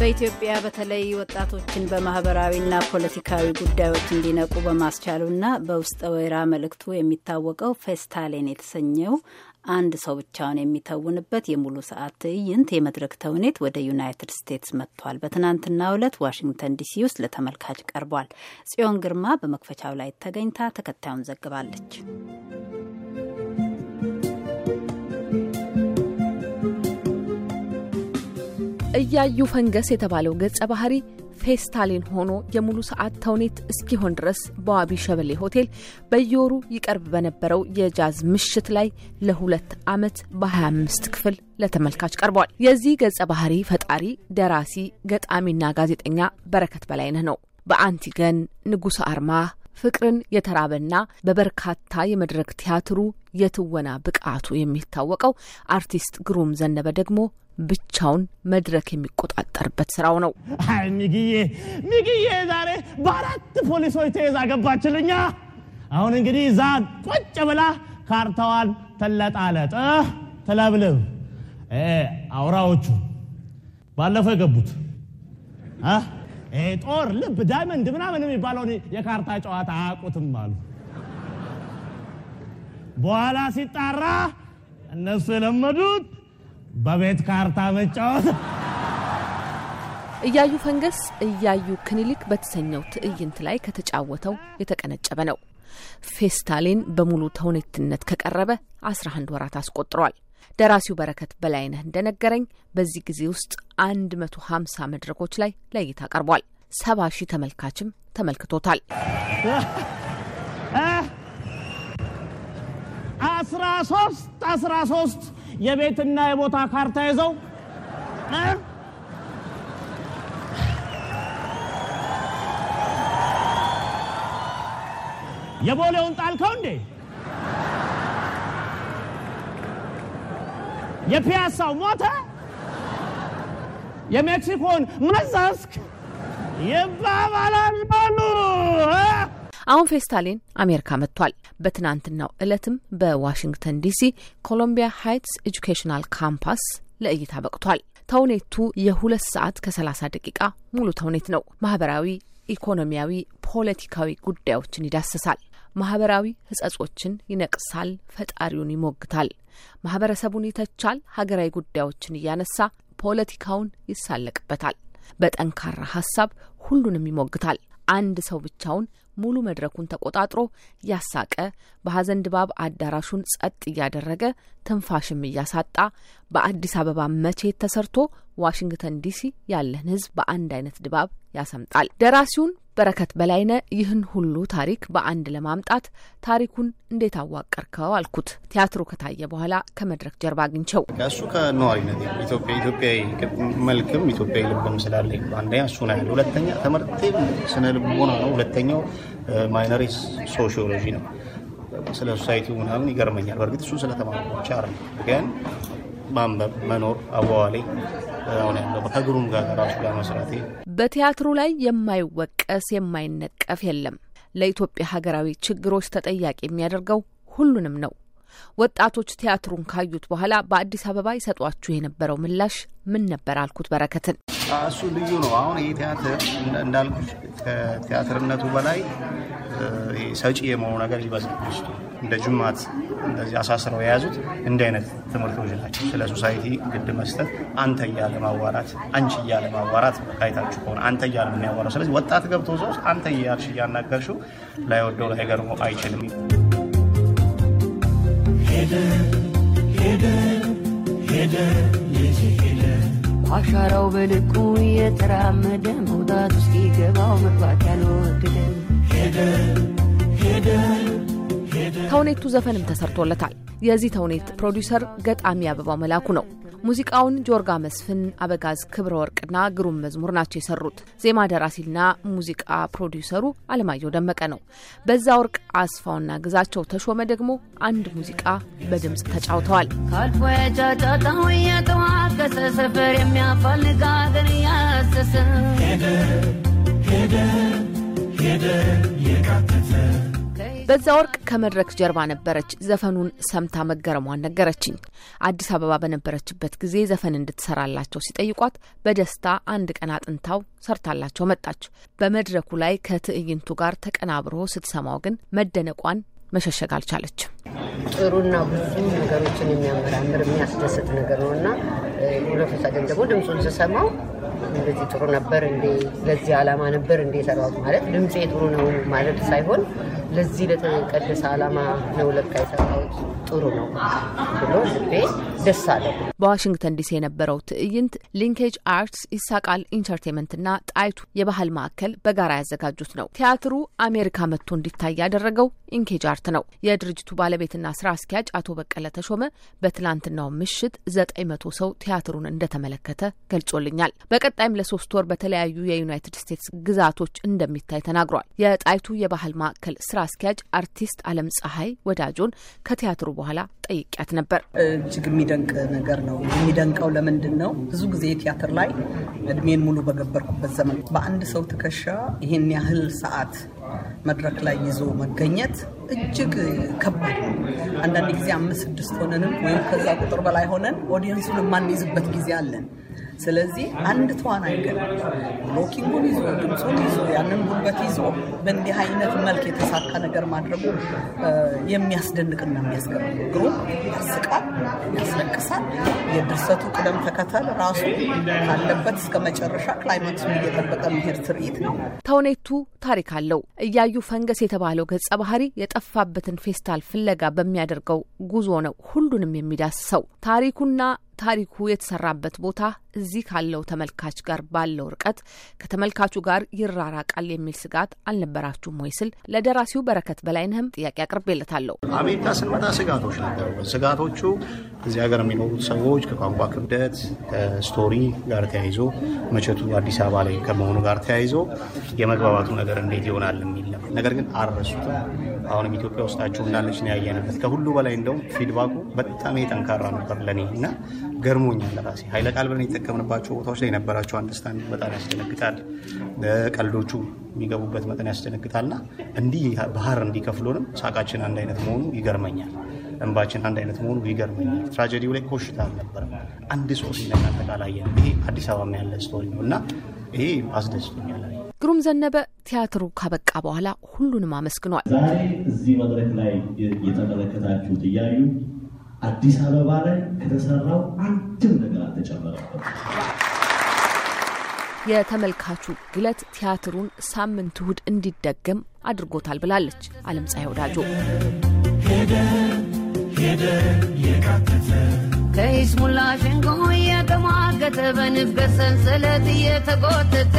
በኢትዮጵያ በተለይ ወጣቶችን በማህበራዊና ፖለቲካዊ ጉዳዮች እንዲነቁ በማስቻሉና በውስጠ ወይራ መልእክቱ የሚታወቀው ፌስታሌን የተሰኘው አንድ ሰው ብቻውን የሚተውንበት የሙሉ ሰዓት ትዕይንት የመድረክ ተውኔት ወደ ዩናይትድ ስቴትስ መጥቷል። በትናንትናው ዕለት ዋሽንግተን ዲሲ ውስጥ ለተመልካች ቀርቧል። ጽዮን ግርማ በመክፈቻው ላይ ተገኝታ ተከታዩን ዘግባለች። እያዩ ፈንገስ የተባለው ገጸ ባህሪ ፌስታሊን ሆኖ የሙሉ ሰዓት ተውኔት እስኪሆን ድረስ በዋቢ ሸበሌ ሆቴል በየወሩ ይቀርብ በነበረው የጃዝ ምሽት ላይ ለሁለት ዓመት በ25 ክፍል ለተመልካች ቀርቧል። የዚህ ገጸ ባህሪ ፈጣሪ ደራሲ፣ ገጣሚና ጋዜጠኛ በረከት በላይነህ ነው። በአንቲገን ንጉሥ አርማ ፍቅርን የተራበና በበርካታ የመድረክ ቲያትሩ የትወና ብቃቱ የሚታወቀው አርቲስት ግሩም ዘነበ ደግሞ ብቻውን መድረክ የሚቆጣጠርበት ስራው ነው። ሚግዬ ሚግዬ ዛሬ በአራት ፖሊሶች ተይዛ ገባችልኛ። አሁን እንግዲህ ዛ ቁጭ ብላ ካርታዋን ትለጣለጥ ትለብልብ። አውራዎቹ ባለፈው የገቡት ጦር፣ ልብ፣ ዳይመንድ ምናምን የሚባለውን የካርታ ጨዋታ አያውቁትም አሉ። በኋላ ሲጣራ እነሱ የለመዱት በቤት ካርታ መጫወት እያዩ ፈንገስ እያዩ ክኒሊክ በተሰኘው ትዕይንት ላይ ከተጫወተው የተቀነጨበ ነው። ፌስታሌን በሙሉ ተውኔትነት ከቀረበ 11 ወራት አስቆጥሯል። ደራሲው በረከት በላይነህ እንደነገረኝ በዚህ ጊዜ ውስጥ 150 መድረኮች ላይ ለእይታ ቀርቧል። ሰባ ሺህ ተመልካችም ተመልክቶታል። አስራ ሶስት አስራ ሶስት የቤትና የቦታ ካርታ ይዘው የቦሌውን ጣልከው እንዴ? የፒያሳው ሞተ፣ የሜክሲኮን ይባባላል ባሉ። አሁን ፌስታሊን አሜሪካ መጥቷል። በትናንትናው ዕለትም በዋሽንግተን ዲሲ ኮሎምቢያ ሃይትስ ኤጁኬሽናል ካምፓስ ለእይታ በቅቷል። ተውኔቱ የሁለት ሰዓት ከሰላሳ ደቂቃ ሙሉ ተውኔት ነው። ማህበራዊ፣ ኢኮኖሚያዊ፣ ፖለቲካዊ ጉዳዮችን ይዳስሳል። ማህበራዊ ህጸጾችን ይነቅሳል፣ ፈጣሪውን ይሞግታል፣ ማህበረሰቡን ይተቻል፣ ሀገራዊ ጉዳዮችን እያነሳ ፖለቲካውን ይሳለቅበታል። በጠንካራ ሀሳብ ሁሉንም ይሞግታል። አንድ ሰው ብቻውን ሙሉ መድረኩን ተቆጣጥሮ ያሳቀ በሀዘን ድባብ አዳራሹን ጸጥ እያደረገ ትንፋሽም እያሳጣ በአዲስ አበባ መቼት ተሰርቶ ዋሽንግተን ዲሲ ያለን ሕዝብ በአንድ አይነት ድባብ ያሰምጣል። ደራሲውን በረከት በላይነ ይህን ሁሉ ታሪክ በአንድ ለማምጣት ታሪኩን እንዴት አዋቀርከው አልኩት። ቲያትሩ ከታየ በኋላ ከመድረክ ጀርባ አግኝቸው እሱ ከነዋሪነት ኢትዮጵያዊ መልክም ኢትዮጵያዊ ልብም ስላለ አንደኛ እሱ ነው ያለ። ሁለተኛ ትምህርቴ ስነ ልቦና ነው። ሁለተኛው ማይነሪ ሶሺዮሎጂ ነው። ስለ ሶሳይቲ ምናምን ይገርመኛል። በእርግጥ እሱ ስለተማሩ ብቻ ግን ማንበብ መኖር አዋዋሌ አሁን ያለው ከግሩም ጋር ራሱ ጋር መስራቴ በቲያትሩ ላይ የማይወቀስ የማይነቀፍ የለም። ለኢትዮጵያ ሀገራዊ ችግሮች ተጠያቂ የሚያደርገው ሁሉንም ነው። ወጣቶች ቲያትሩን ካዩት በኋላ በአዲስ አበባ ይሰጧችሁ የነበረው ምላሽ ምን ነበር? አልኩት በረከትን እሱ ልዩ ነው። አሁን ይህ ቲያትር እንዳልኩ ከቲያትርነቱ በላይ ሰጪ የመሆኑ ነገር ይበዛል። ውስጡ እንደ ጅማት እንደዚህ አሳስረው የያዙት እንዲህ አይነት ትምህርቶች ናቸው። ስለ ሶሳይቲ ግድ መስጠት፣ አንተ እያለ ማዋራት፣ አንቺ እያለ ማዋራት ታይታችሁ ከሆነ አንተ እያለ የሚያዋራው ስለዚህ ወጣት ገብቶ ሰው አንተ እያልሽ እያናገርሽው ላይወደው ላይገርመው አይችልም። ሄደ ሄደ ሄደ ልጅ ሄደ አሻራው በልኩ የተራመደ መውጣት ውስጥ ገባው መግባት ያልወደደ ሄደ ሄደ። ተውኔቱ ዘፈንም ተሰርቶለታል። የዚህ ተውኔት ፕሮዲውሰር ገጣሚ አበባው መላኩ ነው። ሙዚቃውን ጆርጋ መስፍን፣ አበጋዝ ክብረ ወርቅና ግሩም መዝሙር ናቸው የሰሩት። ዜማ ደራሲና ሙዚቃ ፕሮዲውሰሩ አለማየሁ ደመቀ ነው። በዛ ወርቅ አስፋውና ግዛቸው ተሾመ ደግሞ አንድ ሙዚቃ በድምፅ ተጫውተዋል። ካልፎ ሰፈር እያሰሰ ሄደ ሄደ በዛ ወርቅ ከመድረክ ጀርባ ነበረች። ዘፈኑን ሰምታ መገረሟን ነገረችኝ። አዲስ አበባ በነበረችበት ጊዜ ዘፈን እንድትሰራላቸው ሲጠይቋት በደስታ አንድ ቀን አጥንታው ሰርታላቸው መጣች። በመድረኩ ላይ ከትዕይንቱ ጋር ተቀናብሮ ስትሰማው ግን መደነቋን መሸሸግ አልቻለችም። ጥሩና ብዙ ነገሮችን የሚያመራምር የሚያስደስት ነገር ነው እና ሁለቱ ደግሞ ድምፁን ስሰማው እንደዚህ ጥሩ ነበር እንዴ ለዚህ ዓላማ ነበር እንዴ የሰራሁት ማለት ድምፄ ጥሩ ነው ማለት ሳይሆን ለዚህ ለተቀደሰ ዓላማ ነው ለካ የሰራሁት ጥሩ ነው ብሎ ልቤ ደስ አለ። በዋሽንግተን ዲሲ የነበረው ትዕይንት ሊንኬጅ አርትስ፣ ይሳቃል ኢንተርቴንመንትና ጣይቱ የባህል ማዕከል በጋራ ያዘጋጁት ነው። ቲያትሩ አሜሪካ መጥቶ እንዲታይ ያደረገው ኢንኬጅ አርት ነው። የድርጅቱ ባለቤትና ስራ አስኪያጅ አቶ በቀለ ተሾመ በትላንትናው ምሽት ዘጠኝ መቶ ሰው ቲያትሩን እንደተመለከተ ገልጾልኛል። በቀጣይም ለሶስት ወር በተለያዩ የዩናይትድ ስቴትስ ግዛቶች እንደሚታይ ተናግሯል። የጣይቱ የባህል ማዕከል ስራ አስኪያጅ አርቲስት አለም ፀሐይ ወዳጆን ከቲያትሩ በኋላ ጠይቂያት ነበር። እጅግ የሚደንቅ ነገር ነው። የሚደንቀው ለምንድን ነው? ብዙ ጊዜ ቲያትር ላይ እድሜን ሙሉ በገበርኩበት ዘመን በአንድ ሰው ትከሻ ይህን ያህል ሰዓት መድረክ ላይ ይዞ መገኘት እጅግ ከባድ ነው። አንዳንድ ጊዜ አምስት ስድስት ሆነንም ወይም ከዛ ቁጥር በላይ ሆነን ኦዲየንሱን የማንይዝበት ጊዜ አለን። ስለዚህ አንድ ተዋናይ ገና ሎኪንጉን ይዞ ድምፁን ይዞ ያንን ጉልበት ይዞ በእንዲህ አይነት መልክ የተሳካ ነገር ማድረጉ የሚያስደንቅና የሚያስገርም ግሩም፣ ያስቃል፣ ያስለቅሳል። የድርሰቱ ቅደም ተከተል ራሱ ካለበት እስከ መጨረሻ ክላይማክሱን እየጠበቀ መሄድ ትርኢት ነው። ተውኔቱ ታሪክ አለው። እያዩ ፈንገስ የተባለው ገጸ ባህሪ የጠፋበትን ፌስታል ፍለጋ በሚያደርገው ጉዞ ነው ሁሉንም የሚዳስሰው ታሪኩና ታሪኩ የተሰራበት ቦታ እዚህ ካለው ተመልካች ጋር ባለው ርቀት ከተመልካቹ ጋር ይራራቃል የሚል ስጋት አልነበራችሁም ወይ ስል ለደራሲው በረከት በላይነህም ጥያቄ አቅርቤለታለሁ። አሜሪካ ስንመጣ ስጋቶች ነበሩ። ስጋቶቹ እዚህ ሀገር የሚኖሩት ሰዎች ከቋንቋ ክብደት፣ ከስቶሪ ጋር ተያይዞ መቼቱ አዲስ አበባ ላይ ከመሆኑ ጋር ተያይዞ የመግባባቱ ነገር እንዴት ይሆናል የሚል ነበር። ነገር ግን አልረሱትም። አሁንም ኢትዮጵያ ውስጣችሁ እንዳለች ነው ያየንበት። ከሁሉ በላይ እንደውም ፊድባኩ በጣም የጠንካራ ነበር ለእኔ እና ገርሞኛል ራሴ። ኃይለ ቃል ብለን የተጠቀምንባቸው ቦታዎች ላይ የነበራቸው አንደርስታንድ በጣም ያስደነግጣል። ቀልዶቹ የሚገቡበት መጠን ያስደነግጣልና እንዲህ ባህር እንዲከፍሎንም ሳቃችን አንድ አይነት መሆኑ ይገርመኛል። እንባችን አንድ አይነት መሆኑ ይገርመኛል። ትራጀዲው ላይ ኮሽታ አልነበረም። አንድ ሰው ሲነካ አጠቃላየ ይሄ አዲስ አበባ ያለ ስቶሪ ነው እና ይሄ አስደስቶኛል። ግሩም ዘነበ ቲያትሩ ካበቃ በኋላ ሁሉንም አመስግኗል። ዛሬ እዚህ መድረክ ላይ የተመለከታችሁት እያዩ አዲስ አበባ ላይ ከተሰራው አንድም ነገር አልተጨመረበት። የተመልካቹ ግለት ቲያትሩን ሳምንት እሁድ እንዲደገም አድርጎታል ብላለች አለም ፀሐይ ወዳጆ። ከይስሙላ ሸንጎ እየተሟገተ በንብ ሰንሰለት እየተጎተተ